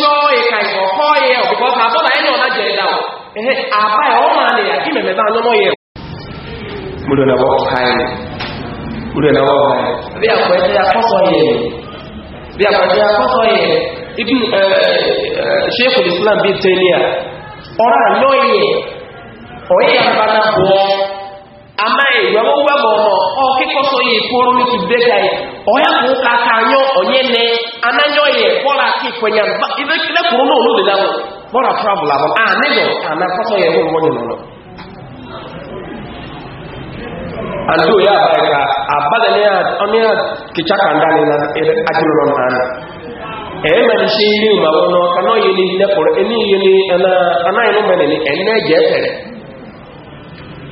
sọ ìka ìkọ̀ kọ́ yẹ ọ̀pọ̀ àbọ́dà ẹni ehe jẹ ẹ̀dà ọ̀ ẹ̀hẹ́ àbá ẹ̀ ọmọ a àti mẹ̀mẹ̀ bá lọ́mọ yẹ. múlò náà wọ́n ká ẹ̀ múlò náà wọ́n ká ẹ̀. bí àpẹẹrẹ akọ́sọ yẹ bí àpẹẹrẹ akọ́sọ yẹ ibi ṣéèkù islam bíi tẹ́lẹ̀ ọ̀rọ̀ àlọ́ ya mba na bọ̀ amaghị gwawa e, ụgwa gị ọmọ ọkịkọsọ ya ekworo n'otu beka ya e. ọya bụ ụka aka anyọ onye ne ananyọ ya kpọrọ aka ikwenya mba ibe lekwuru n'ụlọ e, dị na a travel abụ a nịgọ ana kọsọ ya ewu nwanyị nọ. Andu ya bai ka ne ya ọmọ ya kìcha ka ndị anyị na-ajụrụ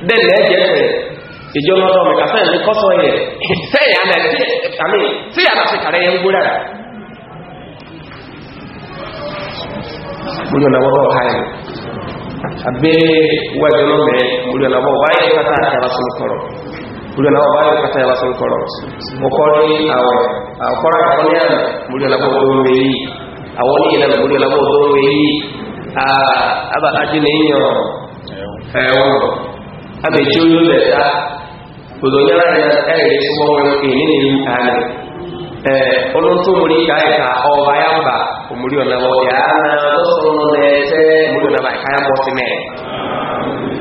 then ẹ jẹ pẹ ìjọ náà tọ́ mi kà sẹ́yìn ní kọ́sọ́ yẹ sẹ́yìn àmì àmì sí àmì àti kàrẹ́ yẹn gbóra rà múlò náà wọ́n bọ̀ háyẹ̀ abẹ́ àwọn ní àná múlò náà wọ́n wọ́n yìí àwọn ní ìlànà ẹ̀wọ̀n abecholo bɛta odonyala ya ɛyɛ sɔgbɔ wɛrɛ ɛyɛ ne yi ta ne ɛɛ ɔlɔtɔmori ka yi ka ɔba ya ba omori ɔna wɔ ya na ɔsɔrɔ lɛ sɛ omori ɔna ba kaya mɔ sinɛ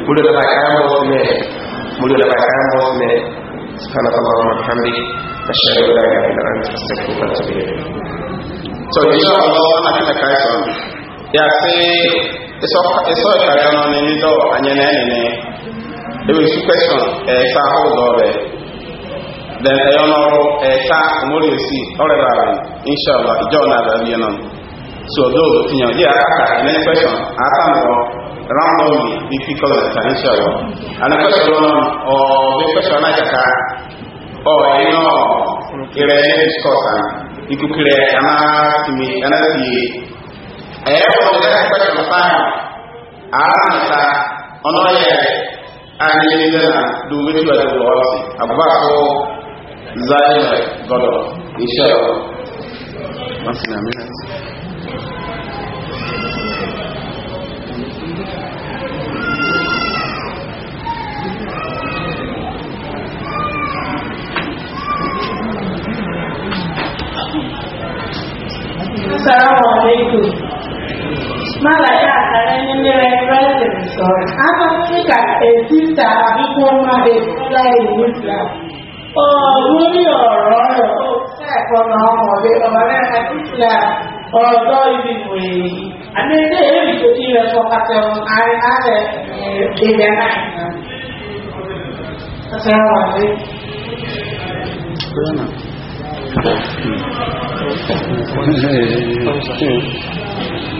omori ɔna ba kaya mɔ sinɛ omori ɔna ba kaya mɔ sinɛ sukana kama ɔma hamdi ɛsɛ ɔna ya ɛna ɛna sɛ kuma tobi yɛ. so insha allah ɔna kita ka sɔn yasi isɔ isɔ ìkàkànnà ni nídọ̀ anyẹnẹ nìyẹn ebi su question ɛɛsa ahodoɔ bɛ then ɛyɛ no ɔro ɛɛsa ɔmɔre esi ɔre baara inshallah ijɔ na ada bie no so do tinya di akaka ɛnɛ question aka mo hɔ randomly bi fi kɔlɔ ta inshallah ana question no ɔbi question na kaka ɔyɛ no erɛ ne discourse ana ikukere ana timi ana tie ɛyɛ kɔlɔ ɛyɛ question na paa aka mo ta ɔno yɛ anyele nana dungeti wala wawasi agba ko zalima godo inshallah masina amina ọ̀rọ̀ ibi wòye àmì ilé ìlú tó ti rẹ̀ sọ pàtẹ ọ̀hún àrẹ àrẹ ìgbẹ́ náà ọ̀sẹ̀ wà lé. Thank you.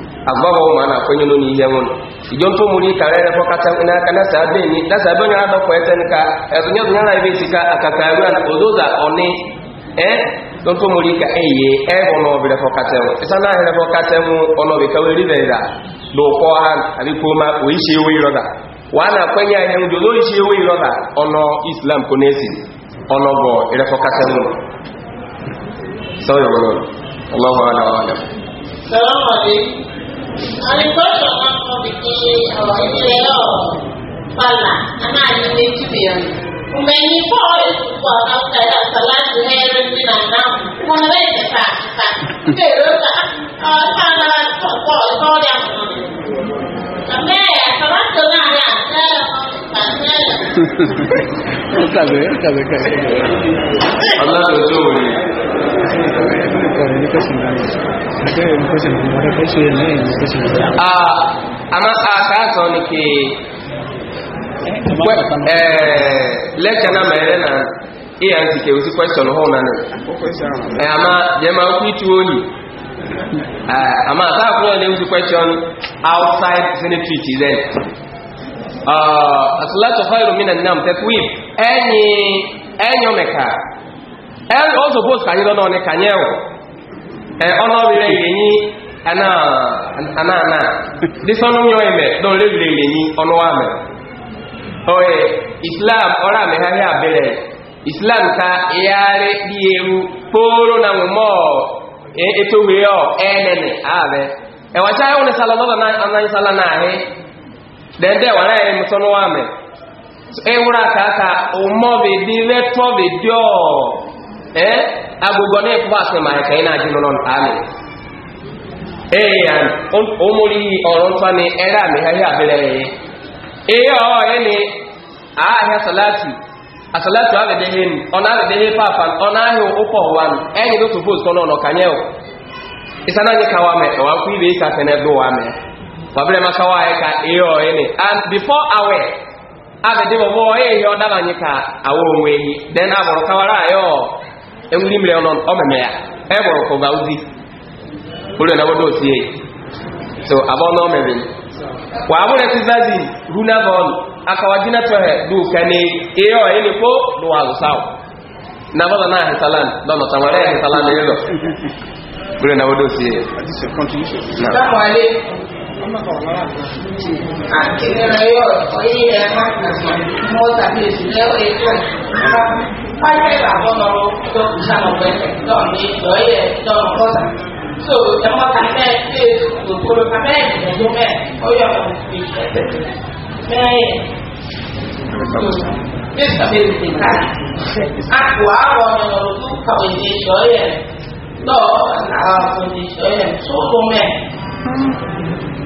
agbaghọ ma a na-akwenyelụ n'ihe nwụrụ ijompo mụrụ karịrị pọkata n'aka nasa be onye adọkwa ka ezonye zonye na ibesi ka akakaru odoza ọnị e jompo mụrụ ka eye ẹhọ e na ọbịrị pọkata nwụ ịsa na ahịrị pọkata nwụ ka wee na ụkọ ha abịkwoma wee isi ewe ịrọda wa na kwenye ahịa nwụ jolo isi ewe ịrọda islam konesi ọnọgọ ịrịpọkata nwụ Salaam Alipaswa mambo bikini awaelewa pala anani kibia umenipoa kwa kaunta ya salati heri mina namu mwanaweza sana sana nderoka sana kwa kwa kwa ya kama ya salati na ya sana sana kabe kabe kabe Allah tuzoe àkáàtọ̀ ah, ah, ni pé eh, lẹ́kẹ̀ẹ́ náà mẹ́rẹ́ náà iya e n tike wusi question hɔ na ne ɛ ama jɛma ko itu oni ɛ ama ata akoro ne wusi question outside sanitary ti zɛ ɔɔ asalatu fayiro mi na nam tɛkuwi ɛnyi ɛnyɔ mɛka ɛ o suppose kanyɛ lɔ n'ɔni kanyɛ o. ọlọ́rìnrẹ̀ ìrìnyí anáàná dísọ́núyọ ìmẹ̀ lọ́rẹ̀rẹ̀ ìrìnyí ọlọ́wà mẹ́ islam ọ̀rà mẹ́hàrí àbẹ̀rẹ̀ islam ka yàrí bí eru kóró na mọ́ ètò wíyọ ẹ̀ẹ́nẹ̀nẹ̀ ààrẹ ẹ̀wàchá ẹ̀wọ̀n ni salọ́lọ́lọ́ anáyísálá náà E agogo ne kuba se ma kai na jinu non amin eyan o mori oron fa ni era mi hari abere ye e o ye ni a ha salati asalatu ave de hin ona ave de hin papa ona he opo wan eni do suppose kono no kanye o isana ni kawa me wa ku ibe isa fene do wa me wabre makawa e ka e o ye and before hour ave de bo bo e yo da ba ni ka awo onwe yi then aboro kawara yo enwere imere ọnọ ọmeme ya ebụrụ ka ụba uzi ụlọ na bodo otie so abọ na ọmeme kwa abụrụ etizazi runa bọl akawa ji na tọhe duka na ihe ọ ịnị kpo n'ụwa azụsa na bọla na ahịsalan dọnọta nwere ahịsalan na ịlọ bụrụ na bodo otie ya anterior hoy máquinas motas y dinero y hay que la forma lo usamos pues no ni lo es todo cosa so ya más también es lo por lo también es lo que hoy vamos a disability cara actuaba en lo tu cabello y no la condición su come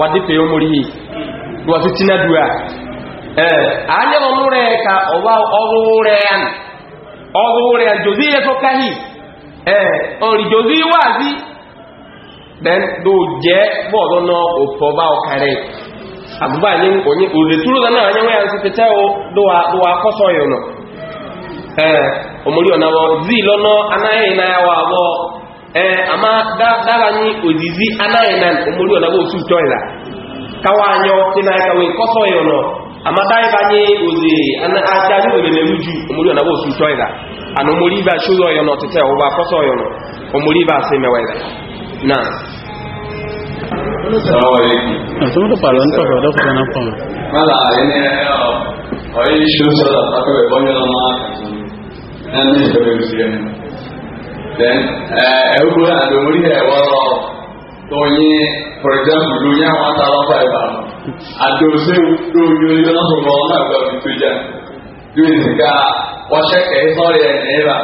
wàdí pé ó mórí yìí wọ́n fi tíná eh, ka ọwá ọwọ́ rẹ̀ ya. ọwọ́ rẹ̀ jòzí yẹ fọ́ká yìí ẹ̀ ọ̀rì jòzí wà then ló jẹ́ bọ́ọ̀lọ́ náà òpó bá ọkà rẹ̀ àbúbà ní òní òlè ee ozizi anaghị na omori ọnaba otu ụtọ ịla kawa anya ọkụ na aka wee kọsọ ya ọnọ nye ozi aja anyị nwere na-eru ju omori ọnaba otu ụtọ ịla ana omori ibe achụ ụlọ ya ọnọ ọtụtụ ya ụba kọsọ ya ọnọ ibe asị na Ọ̀rẹ́ then ẹ̀ẹ́dùn àti orí ẹ̀wọ́ lọ tó yín for example ló yín àwọn àtàwọn fàìbà àdòsí lóyún yín lọ́sọ̀ lọ́wọ́ náà gbà fi tó jà yóò sì ká wọ́n ṣẹ̀kẹ̀ sọ́ọ̀rì ẹ̀ ní ìlà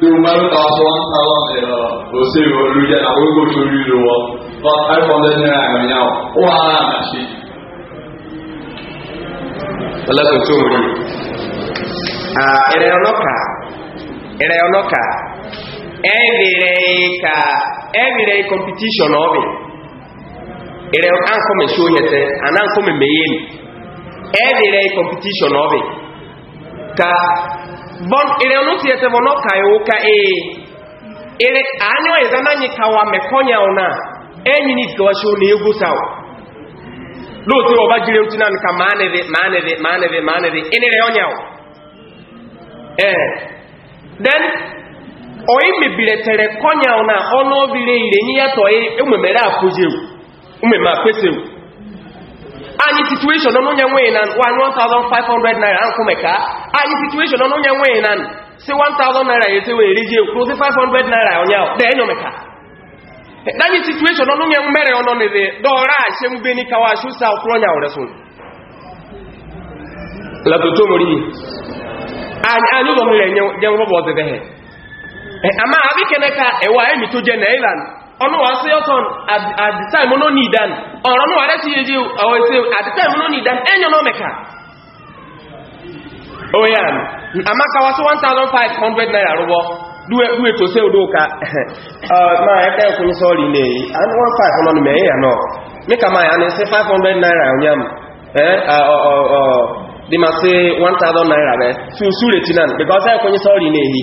tó máa ń kọ́ fún one thousand ẹ̀rọ òsè olùjẹ àwọn ìgò tó rí lò wọ́n for five hundred naira àgbẹ̀yà ó wà á nà ṣe. ọlọ́sọ̀ tó wù ú. ẹ̀rẹ̀ ọlọ́kà ẹ̀rẹ̀ ọlọ́kà ɛyɛrɛ ka ɛyɛrɛ competition ɔbɛ ɛrɛ ankɔ mɛ so yɛ tɛ ana ankɔ mɛ mɛyɛ mi ɛyɛrɛ competition ɔbɛ ka bɔn ɛrɛ ɔno tiɛ tɛ bɔn ɔka yi o ka ee ɛrɛ anyɔ yɛ zan anyi ka wa mɛ kɔnya o na ɛnyi ni gawɔ so nka maa ne de maa ne de maa o ɛɛ then. oyi mebiretere konya na ọnụ obire ire nye ya tọị ememere e e akụziwu umeme akwesewu anyị situation ọnụ onye nwee na 1500 naira ka anyị situation ọnụ onye na si 1000 naira etewe eriji ekwuzi 500 naira onyaahụ dee nyomeka anyị situation ọnụ onye mere ọnọ nere dọọrọ ashe mgbe ni kawa anyị mmiri enye àmá àbíkẹ́nẹ́ka ẹ̀wà ẹ̀mì tó jẹ nàílànì ọ̀nà wà sí ọ̀tọ̀n àdìtàìmù náà ní ìdánì ọ̀rọ̀ náà rẹ̀ sí yẹjẹ ọ̀wọ̀ ìsẹ́ àdìtàìmù náà ní ìdánì ẹ̀yàn náà mẹ́ka oyan àmá kawa sí 1500 naira rúbọ lúwẹ̀ tó sé odó ka máa ẹ̀kẹ́ ẹ̀kún sọ́ọ̀rì ilẹ̀ yìí 1500 ọ̀nà mẹ́yìn àná mẹ́ka máa yà ní sí 500 naira ònyàmù eh, uh, uh, uh, di ma sí 1000 naira rẹ̀ tí ó súrètí náà because ẹ̀kún sọ́ọ̀rì ilẹ̀ yìí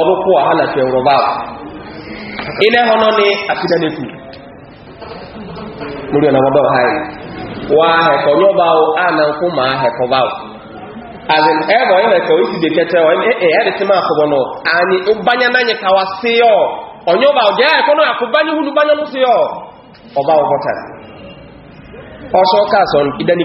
ọdụkwụ wahala ke rọba ina hono ne akida ne ku muri na mabao hai wa he ko yo ba o ana ku ma he ko ba o azin e bo yo ko isi de ani ubanya nanye kawase yo onyo ba o je e hulu banya no se yo oba o bota o so ka son idani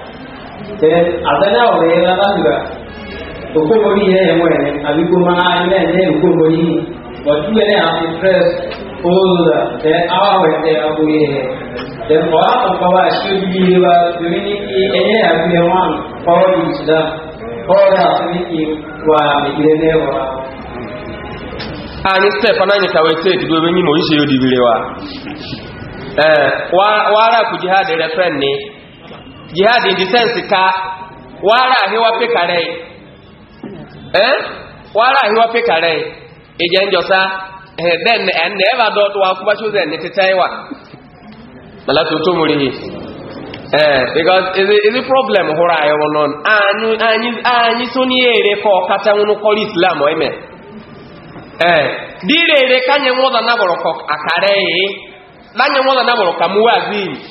அதெல்லாம் ஒரு இதாக தான் இருக்க ரொம்ப மொழி ஏன் எம்முடனே அதுக்குமானா என்ன என்ன ரொம்ப மொழி வச்சுவனே ஸ்ட்ரெஸ் போதுதா ஆவட்டே அப்படியே dan orang membawa studi bahawa memiliki ini memang power Islam power memiliki wa mikirene wa ani ah, step ananye kawete kidogo benyi moyishe yodi bilewa eh wa wala kujihad ile jihad in the sense ka wara ahiwa pekare eh wara ahiwa pekare eje njosa eh then eh, and never dot wa kuba chosen eh, ni tetaiwa mala to muri eh because is is a problem hora ayo non anu anyi anyi soni ere ko kata unu ko islam amen eh dire ere kanye nwoda na boroko akare eh lanye nwoda na boroka muwazi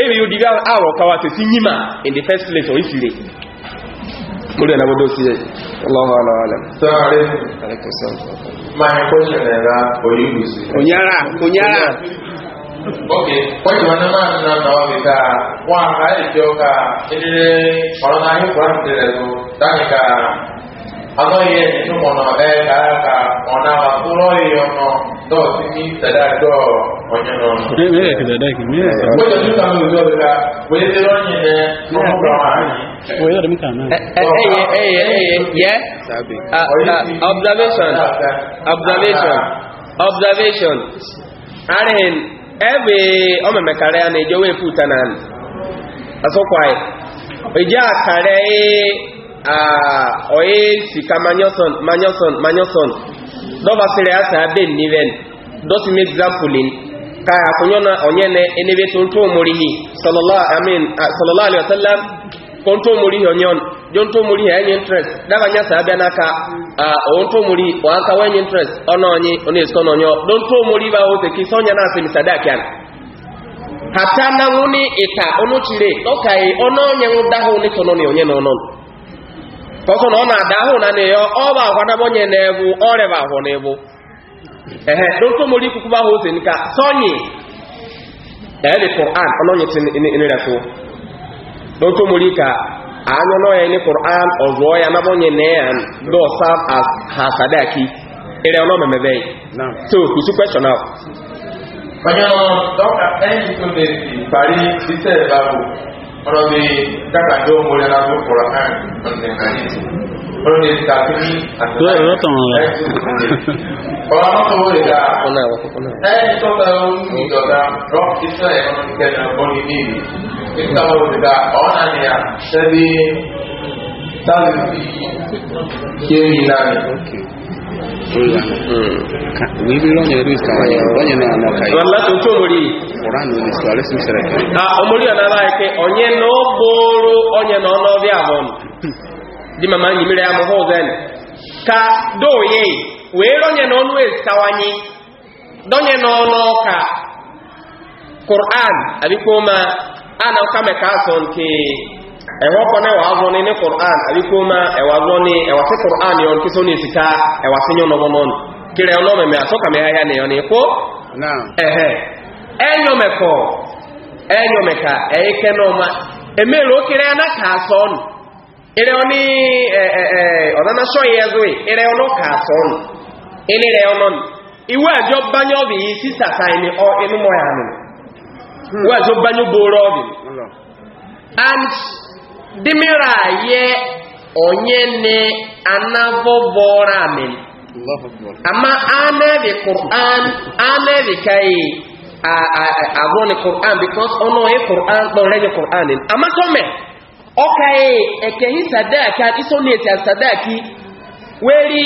ebe yóò dìgbà àwọ̀ to see yíma ah in the first place or ìfìlẹ̀ múlò ẹ̀nà gbogbo sí ọlọ́wọ́ aláwọ̀lẹ̀ sọ́rọ̀ alẹ́kọ̀ọ́sọ́ ma ní kó ṣẹlẹ̀ ra oyúgbùsù ònyára ok kọ́jọ̀ wọn náà nínú ọ̀nà ama yɛ ɛnu mɔnɔ ɛɛ kaa ka ɔna ma kúrɔ yi ɔnɔ dɔw ti mi sada dɔɔ ɔnyɛ nɔ. ɛ ɛ yɛ kɛlɛ dɛ kɛmɛ yɛ sɛ. wọ́n yɛ mi kàn mí lórí la wọ́n yɛ tẹ́lẹ̀ ɔnyɛ dɛ ɔmú kura wọn ànyì. wọ́n yɛ mi kàn mí. ɛ ɛ yɛ ɛ yɛ ɛ yɛ yɛ observation observation observation arihin ɛbi ɔmɛmɛkari ani ìjọba efu tanan asokwa yi ìjà kàrẹ́ yìí. E Ah, oye sika manyoson manyoson manyoson dɔba sere asa abe niven dɔsi mi example ka akunyɔna ɔnyɛnɛ enebe tonto hi sallallahu amin ah, sallallahu alayhi wa hi konto morihi ɔnyɔn jonto morihi ɛnyɛ interest daba nya saa bɛn aka ɔnto ah, morihi ɔanka wɛnyɛ interest ɔna onye ɔna esika ɔna ɔnyɔ donto morihi ba o teki sɔnyɛ na asemi sadaki ana hata na ŋuni ita e ɔno kyire ɔkae ɔna onye ŋu daho ne tɔnɔ ne ɔnyɛ na ɔnɔ ọkụ na ọ na-ada ahụ na ya ọ bụ agwadaba onye na-ebu ọrịa ahụ na ebu ehe dókítà mori kuku bá hó sèǹkà sọ́nyì ẹ̀ẹ́ lè kùrán ọlọ́nyì tí ní rẹ̀ tó dókítà mori ka ya náà onye na eya sáf ha Sadaki. kí eré ọlọ́ mẹ́mẹ́ so kò tó lè parí ọ̀rọ̀ bí dákàjọ́ mọ́lẹ́lá tó kọ̀rọ̀ hàn ọ̀nà àyíkì ọ̀rọ̀ bí tàbí ní àtúntò ẹ̀rọ tàn án rẹ̀ ọ̀rọ̀ àwọn tó wọlé dá ẹni tó bá ń mú ìjọba rock israel ọ̀nà ìkẹyìn ọ̀gbọ́n ní níbi nígbà wọn wọlé dá ọ̀nà ni à sẹ́bi táwọn fi Ah, omoli anaraeke onye na ogboro onye na ọnụọbịa bụ di mama nyi mere ya bụ hụ zen ka doye were onye na ọnụ esawanye donye na ọnụ ọka kuran adịkwa ma a na ọka meka asọ nke ẹ̀wọ́ kọ́ náà wàá ní ní Qur'an ní sí Qur'an yọ sí kiri ni ọ̀nà ikú ẹ̀hẹ̀ ẹ̀yọ̀mẹ̀kọ̀ ẹ̀yọ̀mẹ̀ka ẹ̀yíkẹ́ náà ma emèrè ó kiri ẹ̀ná kàásọ́n ìrẹ̀ ọ̀ní ọ̀nà sọ́yẹ̀ ẹ̀zọ́ ìrẹ̀ ọ̀nà kàásọ́n ìrẹ̀ ọ̀nà ìwé àjọ bányọ́ bì ọ hmm. ìwé àjọ bì dimira yɛ ɔnyɛ ne anabɔbɔra amen ama anabi quran anabi kaye agro ne quran because ɔno ɔyɛ quran ɔrɛ ne quran ni ama sɔmɛ ɔkaye ɛkɛhi sadaki isoneti asadaki weri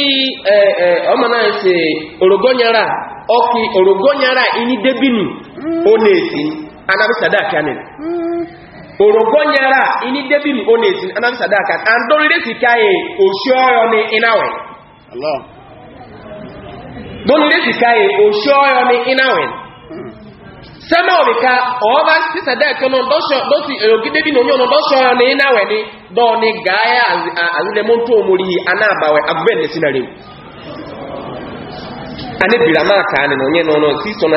ɔmɔ náà ṣe orogonyara ɔki orogonyara ini debinu ɔnesi mm. anabi sadaki amen. orogo nyara a onye debim o na-ezi anaghị sadaka ka ndorire sika ya oshi ọyọ ni inawe ndorire sika ya oshi ọyọ ni inawe sẹ́mọ̀ ọ̀rìká ọ̀ọ́bá sí sadaka ọ̀nà lọ́sí èrògídébí ní onye ọ̀nà lọ́sí nọ na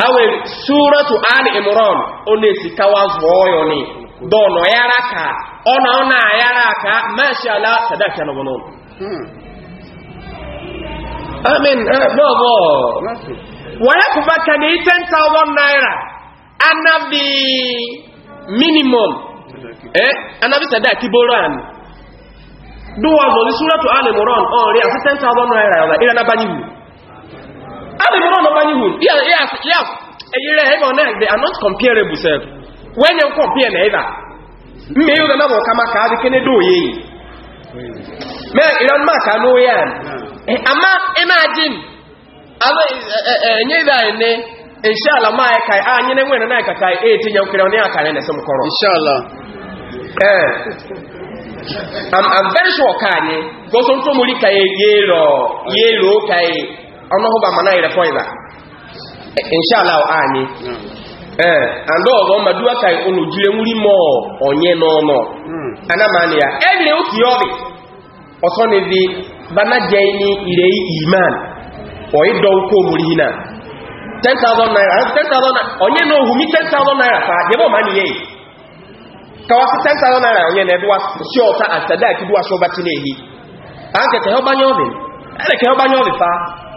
awe suratu ali imran one sikawa zvoyo ni dono yaraka ona ona yaraka mashallah sadaka no bonon hmm. amen eh, bobo wala kubaka ni 10000 naira anabi minimum eh anabi sadaki boran duwa zo suratu ali imran on ri 10000 naira ila na banyi That is one of any wound. Yes, yes, yes. They are not comparable, sir. When you compare neither, me you don't know come back. We can do ye. Me you don't ka no Ama imagine. Ama neither ne. Inshallah, ma e kai a nyine ngwe na ka kai e tinye ukire oni aka ne sem koro. Inshallah. Eh. I'm I'm very sure kanye. Go so to muri kai yelo, yelo kai. ọmọ bụ amana yẹrẹ fọyìn la inshala anyi ẹ hmm. eh, andọ ma duwa ka ọnà ojúlé wúri mọ ọnyẹ nọọnọ hmm. anamani ya e otu ya bi ọsọ ni bi bana ni ire iman ọyẹ dọw kó omori yìí na ten naira eh, naira onye mi naira fa yẹ bọ ma kawasi naira onye na ẹdọ si ọta atada akidu na ehi fa.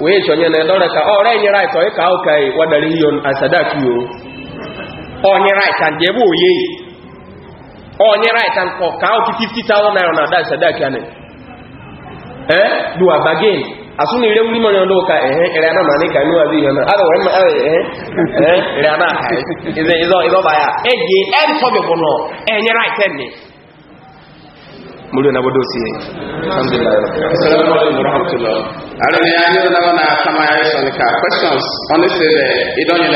wee chonye na edore ka ọ rẹ nye right ọ ịka ụka ị wadara iyo asadaki yo onye right and ebe oye onye right and kọ ka ụkị 50,000 naira eh do a bargain asụ na ire wuri mọnyọ ndị ụka ehe ere ana mani ka ada wee ma ehe ere ana aka ịzọ ịzọ baya eji ẹni tọbi bụ nọ enye right ẹni mulio na bodosi ye alhamdulillah assalamu alaikum ni na wana kama ya yeso ni ka questions only say that nyo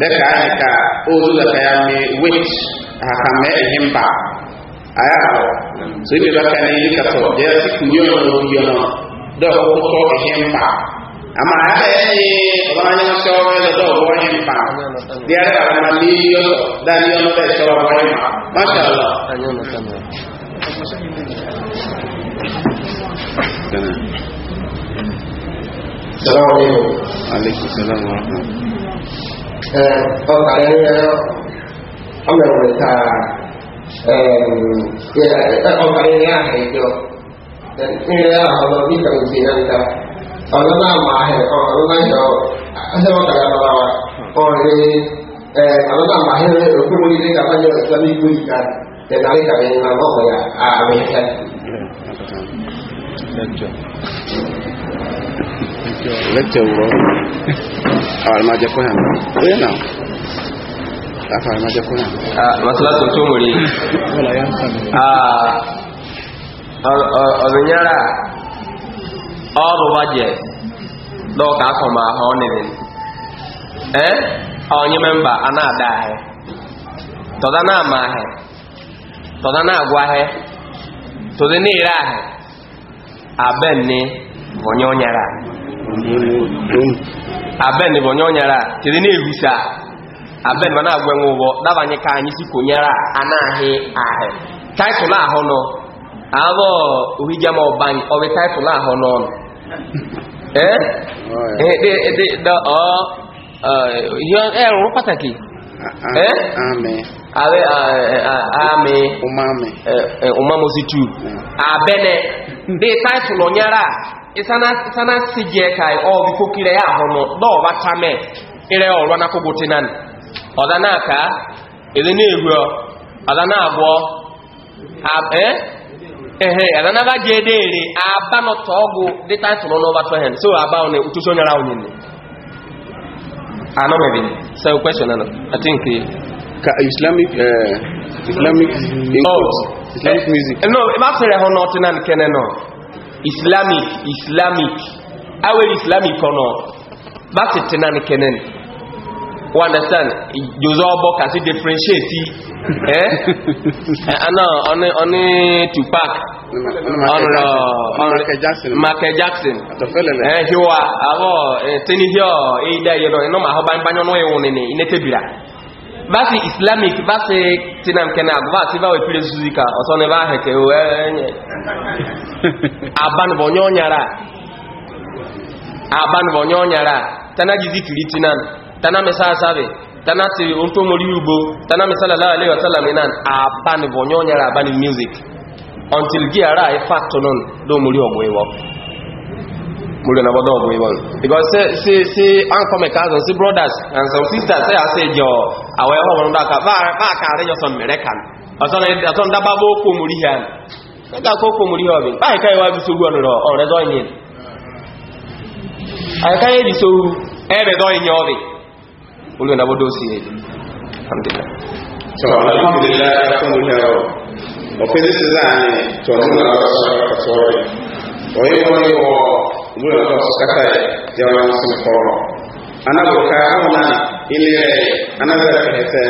de ka ka ozu da ka ya mi wait me aya so ba ka ni ka so je si no no do ko ko ama abe obana nyama sewa wele do wani mpa diare ba na liyo da liyo no be sewa wani mpa masha Allah tanyo na tanyo Salaam alaikum. Alaikum salaam wa rahmatullah. Eh, kau kalian ni, kami orang kita, eh, ya, kau kalian ni lah itu. Dan ni lah kalau kita mesti nanti ọ̀nà náà máa hẹ̀ ọ̀nà náà yọ ẹsẹ̀wọ̀n kàrà bàbá wa ọ̀rẹ́ ẹ̀ ọ̀nà náà máa hẹ̀ ọ̀gbọ́n mi ní kàfá yọ ìsìlámì ìgbó yìí kan ẹ̀ka lè kàfé ní àwọn ọ̀yà àmì ẹ̀ka. lẹ́tọ̀ wọ́ àwàlùmájẹ kọ́ yàn lóyè náà àfàlùmájẹ kọ́ yàn. masalasi tó wòle ọ̀rọ̀ yàrá. ọrụba ji dọka akọma ahụ ọ nịrị ee onye memba a na-ada ahịa tọda na-ama ahịa tọda na-agwa ahịa tọda na-ere ahịa abenni bụ onye ọnyara abenni bụ onye ọnyara tiri na-egusa abenni bụ na-agwa enwe ụgbọ dabanye ka anyị si konyere a anaghị ahịa taịtụl ahụ nọ abọ ohija ma ọba ọbi taịtụl ahụ n'ọnụ ẹ̀rùn pàtàkì ààrẹ àmì ọmọmọsítù Abene ndị taịtụl ọ̀nyára ịsana sí jẹ́ ka ọ̀bí kókìrẹ̀ àhọ̀nà lọ́ọ̀bá tamẹ̀ ìrẹ ọ̀rọ̀ anákógbótí abụọ. ehe adanaga je dere abano togo de title no over to hen so about ne utusho nyara onye ne anome bin so question ano i think eh, islamic eh, islamic oh. islamic eh, music no ma sere ho no tinan kene no islamic islamic awe islamic ono ba tinan kene we understand yozo ọbọ can still differentiate eh ana eh, on on Tupac on uh, Michael Jackson eh hiwa awo teni hiyo ida yero ino ma hoba nbanyo no ewu ni ni tebira basi islamic basi tinam kena agwa ti ba we pire suzika oso ne ba heke o aban bo nyonyara aban bo nyonyara tanaji zikiri tinam tana mi saa sabe tana ti ohun tó mori ugbo tana mi sallallahu alaihi wasallam nan abani bo nyonya ra abani music until gi ara e fatonun do mori ogbo iwo mori na bodo ogbo iwo because say say say an come ka so brothers and some sisters say ase jo awe ho won da ka ba ba ka re jo some american asan e asan da babo ko mori han ka ko ko mori ho bi ba ka iwa bi so ru onu ro o re do yin ai ka e bi so ru olú ìnáwó dóòsì èdè alhamdulillah so alhamdulillah alhamdulillah ọ̀fẹ́ ní sílá ní tọ̀núnà ọ̀sọ̀rọ̀ ọ̀yẹ́ wọ́n ní wọ olú ìnáwó sọ́kátà jẹ́ wọn sí kọ́rọ̀ anábòká àwọn náà ilé rẹ̀ anábẹ̀rẹ̀ fẹ̀hẹ̀tẹ̀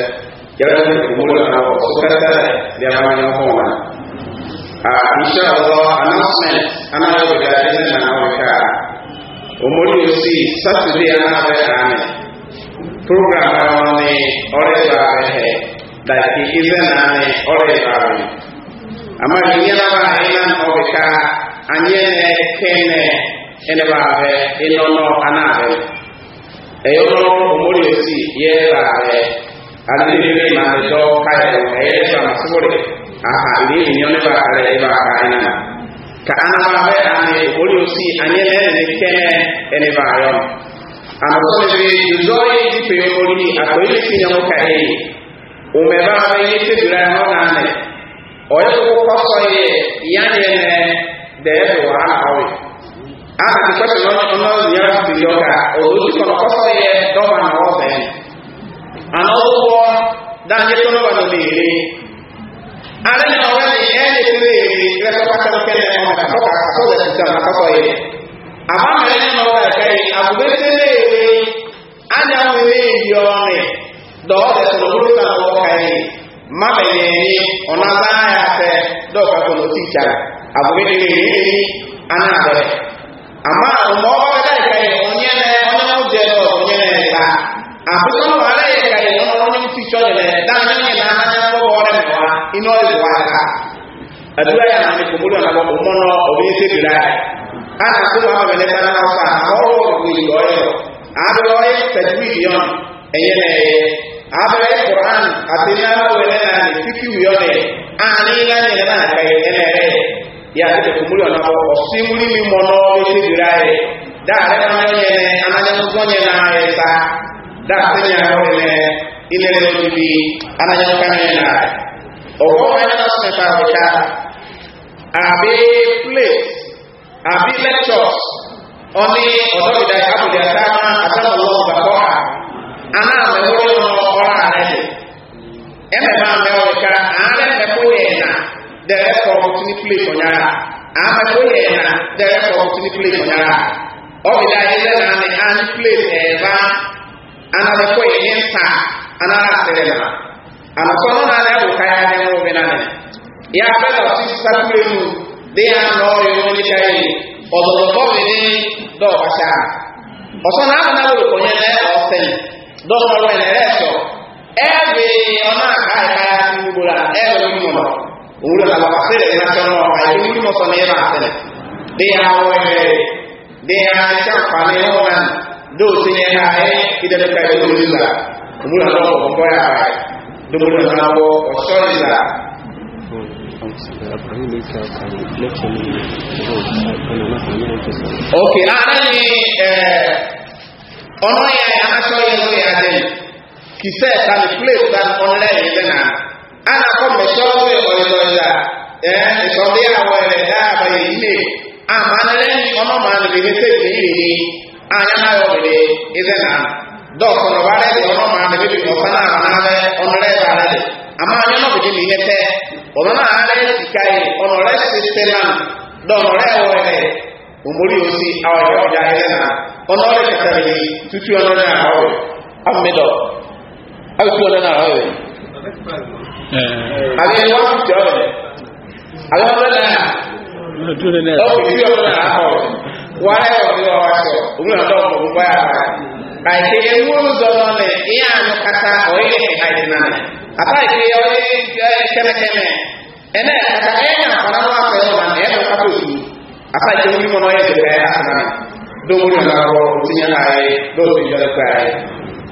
yàrá olú ìnáwó sọ́kátà jẹ́ wọn ní kọ́rọ̀ inshallah announcement anábẹ̀rẹ̀ fẹ̀hẹ̀tẹ̀ yàrá olú ìnáwó sọ́kátà jẹ́ wọn ní kọ́rọ̀ ထိုကံတော်နဲ့ဩရိသာရဲ့ဒါတိကိဇနာနဲ့ဩရိသာရဲ့အမဒီယလာဘာအိမန်ဩဝကာအမြဲနဲ့ခဲနဲ့အဲ့ဒါပါပဲအင်းတော်တော်အနာပဲအေယောအမိုးရစီရဲပါပဲအတိတိလေးမှာတော့ခိုက်တယ်အဲဒါမှစိုးတယ်အာဟာလေးညောင်းနေပါခရဲပါခါအိနာကာအနာပါပဲအာမေဘိုးရစီအမြဲနဲ့ခဲနဲ့အဲ့ဒါပါရော amekɔn bebe duzɔ ye dipe mori ni akpɛ yi si nyɔnu ka ye ome ba be ye te dura yɔ na mɛ ɔye ko kɔsɔ ye yanye nɛ de ye do wa awɔ ama ti kɔsɔ lɔ ɔnɔ nyɛ ti yɔ ka olu ti kɔnɔ kɔsɔ ye dɔba na wɔ bɛn ana wo wɔ danje to ne ba do ne yele ale ni ɔwɛ ni ɛyɛ ne ti ne yele lɛ sɔ kɔsɔ kɛnɛ ɔmɛ ka sɔ ka sɔ lɛ ti sɛ ɔmɛ kɔsɔ ye abamere ne ma wɔyɛ kɛ yi agobete ne ewe yi anya mo ne eyi ɔne dɔɔ de tɔn mo ni ɔna ba yɛ fɛ dɔɔ ka kɔnɔ ti kya agobete ne ama ɔmɔ wɔyɛ kɛ kɛ yi ɔnyɛ nɛ ɔnyɛ mo jɛ dɔ ɔnyɛ nɛ ta akoko no wɔyɛ kɛ kɛ yi na anya mo wɔ ɔrɛ mɛ wa inu na ne na bɔ ɔmɔ no ɔbɛ hata kama wamepelekana na sana hao ni yoyo adoye tajwidi yon eyele abele Qur'an atina welena ni fiki yone ani ngani na kai elele ya kete kumuli wanao osimuli ni mono ni dirae dare na yene ananya ngonye na esa dare nya yone ile ile ni ananya kanya na ogo na sema ta abe place àbí lectures ọní ọ̀dọ́gìdá ìkábùdì àtàmà àtàmọ̀lọ́ ọ̀gbàkọ́ ha àná àmẹ́wọ́lẹ́ ọ̀nà ọ̀rọ̀ àná yẹ ẹ̀mẹ̀ máa mẹ́wọ́ ká àná ẹ̀mẹ́kọ́ yẹ nà dẹ̀rẹ́ kọ̀ọ̀mù tí ní plé kọ̀nyára àmẹ́kọ́ yẹ nà dẹ̀rẹ́ kọ̀ọ̀mù tí ní plé kọ̀nyára ọ̀gìdá ilẹ̀ nà ní àní plé ẹ̀ẹ̀bá ànàmẹ́kọ́ yẹ ní nsà ànára àtẹ̀rẹ̀ nà ànàkọ́ nínú àná ẹ̀wọ̀ káyà ní ẹ̀wọ̀ mi nà ní yà dia n'ọrịa onyecha ihe ọdọdọ bọbịrị dọọkacha ọsọ na ahụ na-abụrụ konye na ọsịn dọọrọ na ẹsọ ẹbí ọna aka ẹka ya ti gbogbo la ẹbí mímọ nọ òwúrọ na bàbá sílẹ ní aṣọ nọ àìsí mímọ sọ ní ẹbá sílẹ dia wẹrẹ dia ẹsẹ àǹfààní ẹwọn náà dóòtí ní ẹka ẹ ìdẹdẹka ẹgbẹ òwúrọ la òwúrọ na bàbá ọkọ ya dóòtí ní ẹka ọsọ ìlà. Okay, ah, anani eh ono ya anacho yelo ya dei. Kise tani place that online tena. Ana ko me show we oyo ya. Eh, so dia na wele da ba yile. Amana le ono man bi ni te bi ni. Anya na yo bi izena. Dɔkɔ na wale de ono man bi bi ko sana na na le ono le ba le. Ama anya no bi ni yete. ọmọ na rẹ ìka yìí ọmọ rẹ ṣiṣẹ náà dọmọ rẹ ẹ òmórí òsì àwọn ẹ̀yọ́ ọjà na náà ọ̀nà ọ̀rẹ́ kẹta mi tútù ọ̀nà náà àwọ̀ amídọ̀ àwùjọ ọ̀nà náà àwọ̀ eh. àbí ẹni kaike ewu zɔrɔ le eya nu kata ɔye ɛhayi na le aba ike ɔye kɛmɛkɛmɛ ɛnɛ kata ɛyɛ na fara wa fɛ ɔba na ɛyɛ na kato su aba ike wi mɔnɔ yɛ tɛtɛ ɛyɛ asana na domuni na lɔ tiɲɛ na ye lɔri yɔ ɛkɔ ya ye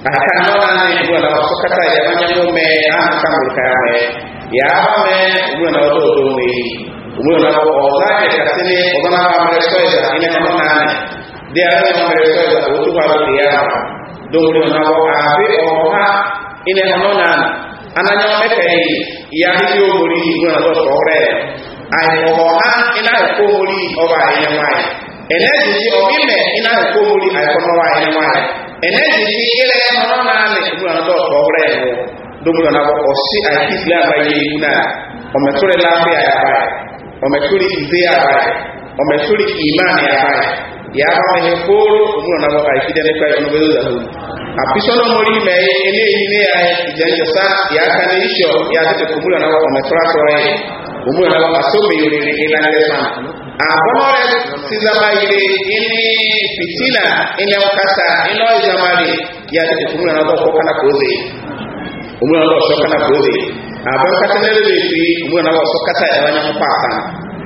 kata na wa na ye wula na so kata yɛ ma nyɛ mo mɛ an ka mo ka mɛ yaa mɛ wula na wɔ do do mo ye wula na wɔ ɔba yɛ kati ni ɔba na wa mɛ sɔ yɛ ina kɔnɔ na mɛ. de agha ti ŋmɛ sɛ dị tu ba do de a dogo na wɔ a be ɔmɔ ha ina ɔmɔ na ana nyɛ ɔmɛ tɛ yi ya bi ti o mori ha ina yɛ ko mori ɔba yi nyɛ ŋmɛ ɛnɛ ti ti ɔmi mɛ ina yɛ ko mori a yi kɔnɔ ba yi nyɛ ŋmɛ ɛnɛ ti ti ilɛ ɔmɔ na mi gbɔna do tɔɔrɛ wo dogo na wɔ ɔsi a yi ti fi aba na ɔmɛ tori lafiya aba yaba mehekoro omuno nabo aikide ne kwa yonobezo za hulu apisono mori me ene ine ya ijanjo sa ya kanisho ya tete kumula nabo kwa metrato ye omuno nabo asome yule ina ile sana abonore sizama ile ine fitina ine ukasa ino izamari ya tete kumula nabo kwa kana koze omuno nabo sokana koze abakata nele bi omuno nabo sokata ya wanyampa sana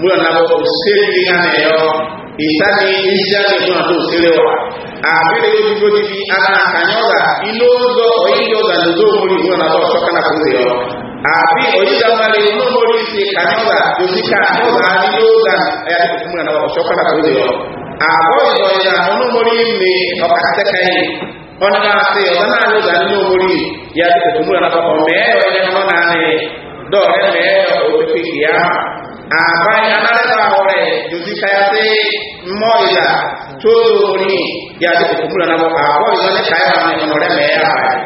mula nabo usiri lingane yo isani isiani kuna tu usiriwa abele yuko tibi ana kanyoga ilozo oyoga ndozo muri mula nabo choka na kuzi yo abi oyida mali uno muri si kanyoga yosika kanyoga iloza ya mula nabo choka na kuzi yo abo yoya uno muri mi okateka yi ona se ona iloza uno muri ya kumula nabo mbe oyena mwana ne dore mbe opekiya abai another bahore juzisha yase moja tuni yaje kukumula nabo abo yone kaya mane onore meya bai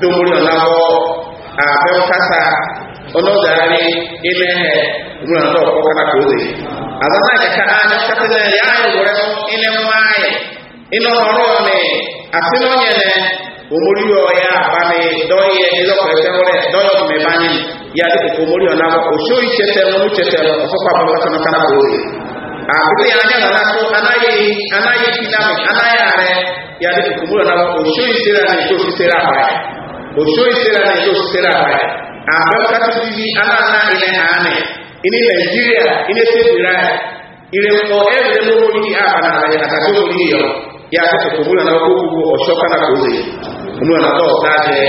dumuri onabo abe okasa onodari imehe umula ndo okokana kuzi azana kaka ana katene yaye gore ine mwaye ino horone asino nyene omulio ya bane doye ilo kwetengole doyo kumebani ya liku na wako duku omulio nabo ushuri chetelo muchetelo osoka bangasa nakana kuhi abuli ah, na nanato anayi anayi kinami anayare ya liku duku na wako ushuri sera ni ushuri sera bae ushuri sera ni ushuri sera bae ambayo ah, kati sisi ana ana ile ane ini Nigeria ini Sierra ile kwa ele mumuli hapa na atakomulio ya kasa to mula na ko ko o shoka na ko zai nu na to ta je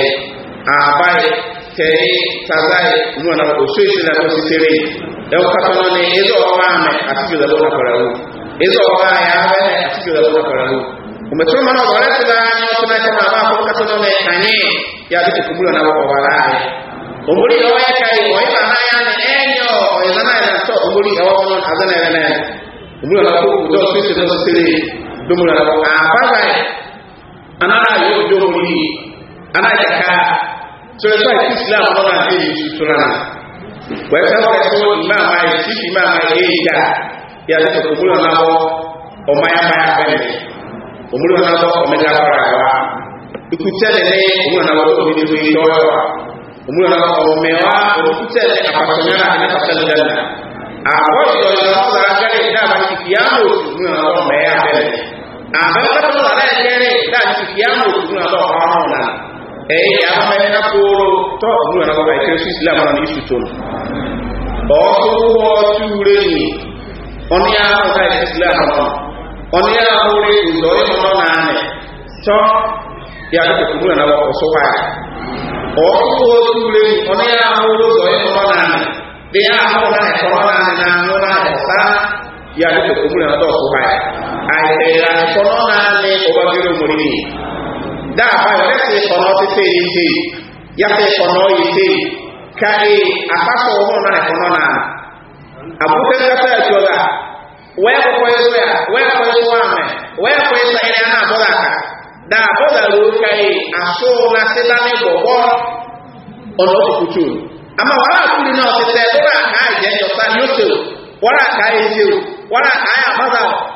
a bai te ta zai nu na ko shi shi ne ezo wa me a ti da bona para ru ezo wa ya ba ni o tuna ta ma ba ko ka to ne kane ya kasa to mula na ko ba ra ne omuri o ya kai o ya na ya ne enyo o ya na ya to omuri o won azana ya ne omuri na ko ko do si se domuna na boka apaza e, anara yo domo ni anara ka so le so islam no na e, ti ni sura na wa ta ko so ma ma ti ti ma ma e ja ya le ko kula na bo o ma ya ma ya ka ni o mu na bo o me ja para wa ikutele ne o mu na bo o ni ni yo wa o mu na bo o me wa o ikutele apasanya na ni pasanya na àwọn ìjọ ìjọ ọ̀sán agbẹ́lẹ̀ ìdáàbà ti fi áàmù òsì mú ọ̀rọ̀ mẹ́ẹ́ abẹ́rẹ́ àbẹ́kọ́tọ̀ sàrẹ́ ẹ̀kẹ́rin láti fi àmà òkùnkùn àbọ̀ ọ̀rọ̀ náà ẹ̀yẹ àbámẹ́ ẹ̀ka kóró tọ́ ọ̀gbùn ẹ̀ka bàbá ẹ̀kẹ́ sí islam náà ní ìṣù tó ọ̀ọ́kọ́ túure ni ọ̀ní àkọ́kọ́ ẹ̀kẹ́ islam náà ọ̀ní àkọ́rẹ́ ìzọ́ ìmọ̀ náà nẹ̀ tọ́ yàtọ̀ òkùnkùn ẹ̀ka bàbá ọ̀sọ́ wáyà ọ̀ọ́kọ́ túure ni ọ̀ní àkọ́rẹ́ ìzọ́ ìmọ̀ náà nẹ̀ bí àkọ́kọ́ ẹ̀kọ́ náà nẹ̀ náà àìsẹ̀yà kọ́nọ́ náà ní ọba bírò mọ̀ ní dáàbà ìrẹsì kọ́nọ́ títẹ̀ yìí tẹ̀ yàtẹ̀ kọ́nọ́ yìí tẹ̀ káyé àpapọ̀ ọ̀hún náà kọ́nọ́ náà àbúkẹ́ kẹfẹ́ ẹ̀jọba wẹ́ẹ̀ kọ́kọ́ yẹn yà wẹ́ẹ̀ kọ́ yẹn àmẹ́ wẹ́ẹ̀ kọ́ yẹn sọ yẹn náà kà dáàbọ̀ dàrú káyé àṣọ náà sílá ní gbọ̀gbọ́ ọ̀nà òkùtù àmà o àkúrì náà ti tẹ̀ lọ́rà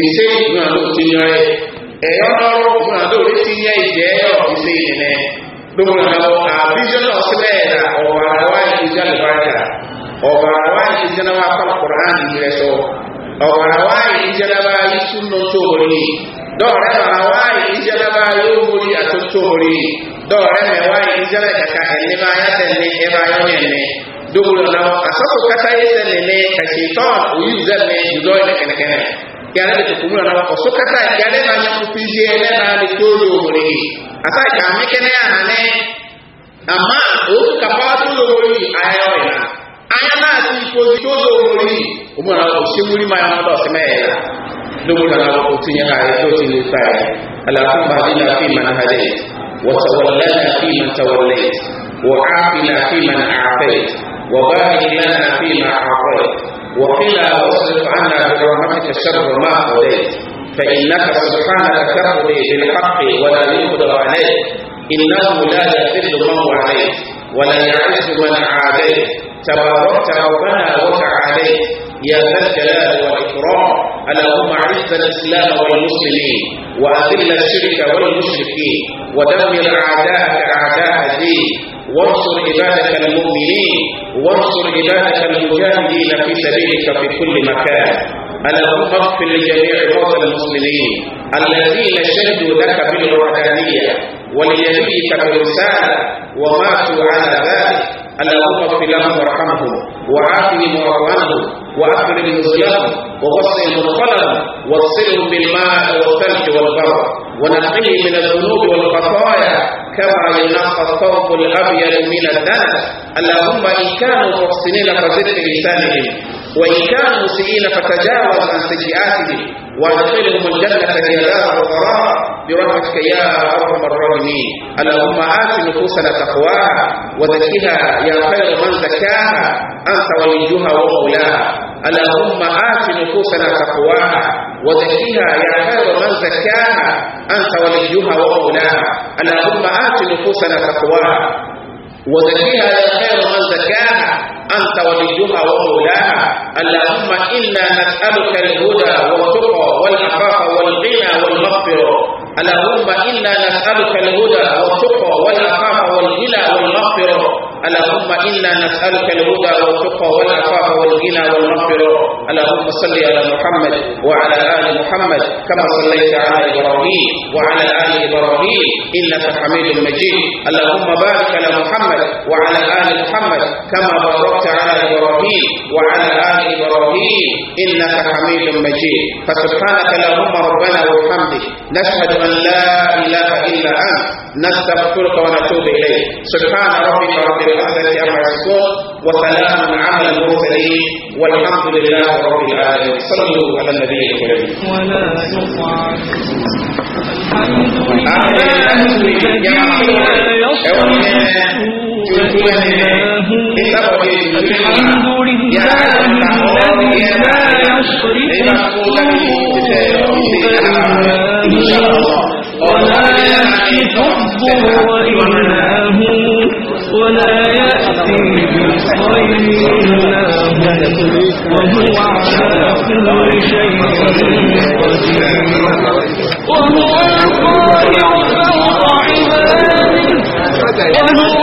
ese ìgbìmọ̀ àdó tinyọrẹ ẹ̀yọ́ lọ́rọ́ ìgbìmọ̀ àdó lè tinyẹ ìjẹ́ ẹ̀yọ́ ìṣe ìnẹ́ lóhùn àlọ́ àbíjọ́nà ọ̀sẹ̀lẹ̀ ẹ̀dà ọ̀bà àwa ìjọ àlùbájà ọ̀bà àwa ìjọ náà wà pàpọ̀rọ̀ hàn sọ ọ̀bà àwa náà dọ́ọ̀rẹ́ náà yóò àtúntò dọ́ọ̀rẹ́ yàrá lè tukú múlò nàbà kọsó kata yàrá nà nyà kó pizé yẹ nà lè tó lè wòlé ata yà mí kẹ́ nà hànẹ́ àmà òkú kapa tó lè wòlé ayé ọ̀ yà ayé nà ti kó tó lè wòlé òmù nà kó sí wúlí má yà wọn dọ̀ sí mẹ́ yẹ la lóbu nà kó tó nyà ká yẹ ti lè fà yẹ alakun bá mi nà fi mà nà hàdé wàtawàlá nà fi mà tawàlé wàhàfi nà fi mà nà àfẹ wàbáyé nà fi mà àfẹ wàfilà wàsílẹ̀ fà nà fi mà عنك الشر ما قضيت فإنك سبحانك تقضي بالحق ولا يقدر عليك إنه لا يذل من وعليك ولا يعز من عاديت تباركت ربنا وتعاليت يا ذا الجلال والإكرام اللهم اعز الاسلام والمسلمين واذل الشرك والمشركين ودمر اعداءك اعداء الدين وانصر عبادك المؤمنين وانصر عبادك المجاهدين في سبيلك في كل مكان ألا تغفر لجميع موتى المسلمين الذين شهدوا لك بالوحدانية ولنبيك بالرسالة وماتوا على ذلك اللهم اغفر لهم وارحمهم وعافهم وارحمهم وأكرم نسيانهم ووسع بالقلم واغسلهم بالماء والثلج والبر ونقيهم من الذنوب والخطايا كما ينقى الثوب الابيض من الدنس اللهم ان كانوا محسنين فزد بلسانهم وإن كانوا مسيئين فتجاوز عن سيئاتهم وادخلهم الجنة جزاء وقرار برحمتك يا أرحم الراحمين اللهم آت نفوسنا تقواها وزكها يا خير من زكاها أنت وليها ومولاها اللهم آت نفوسنا تقواها وزكها يا خير من زكاها أنت وليها ومولاها اللهم آت نفوسنا تقواها وزكها يا خير من زكاها أنت وليها ومولاها اللهم إنا نسألك الهدى والتقى والعفاف والغنى والمغفرة اللهم إنا نسألك الهدى والتقى والعفاف والغنى والمغفرة اللهم إنا نسألك الهدى والتقى والعفاف والغنى والمغفرة اللهم صل على محمد وعلى آل محمد كما صليت على إبراهيم وعلى آل إبراهيم إنك حميد مجيد اللهم بارك على محمد وعلى آل محمد كما باركت على إبراهيم وعلى آل إبراهيم إنك حميد مجيد فسبحانك اللهم ربنا وبحمدك نشهد أن لا إله إلا أنت نستغفرك ونتوب إليك سبحان ربك رب وسلام على المرسلين والحمد لله رب العالمين صلوا على النبي الكريم ولا يطعن الحمد لله الذي لا يصرف ولا يحكي حبه وإله ولا وهو على كل شيء قدير وهو القاهر فوق عباده وهو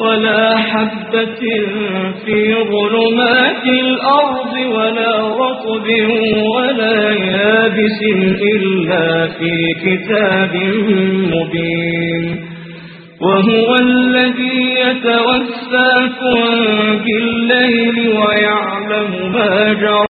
ولا حبة في ظلمات الأرض ولا رطب ولا يابس إلا في كتاب مبين وهو الذي يتوساكم بالليل ويعلم ما جرى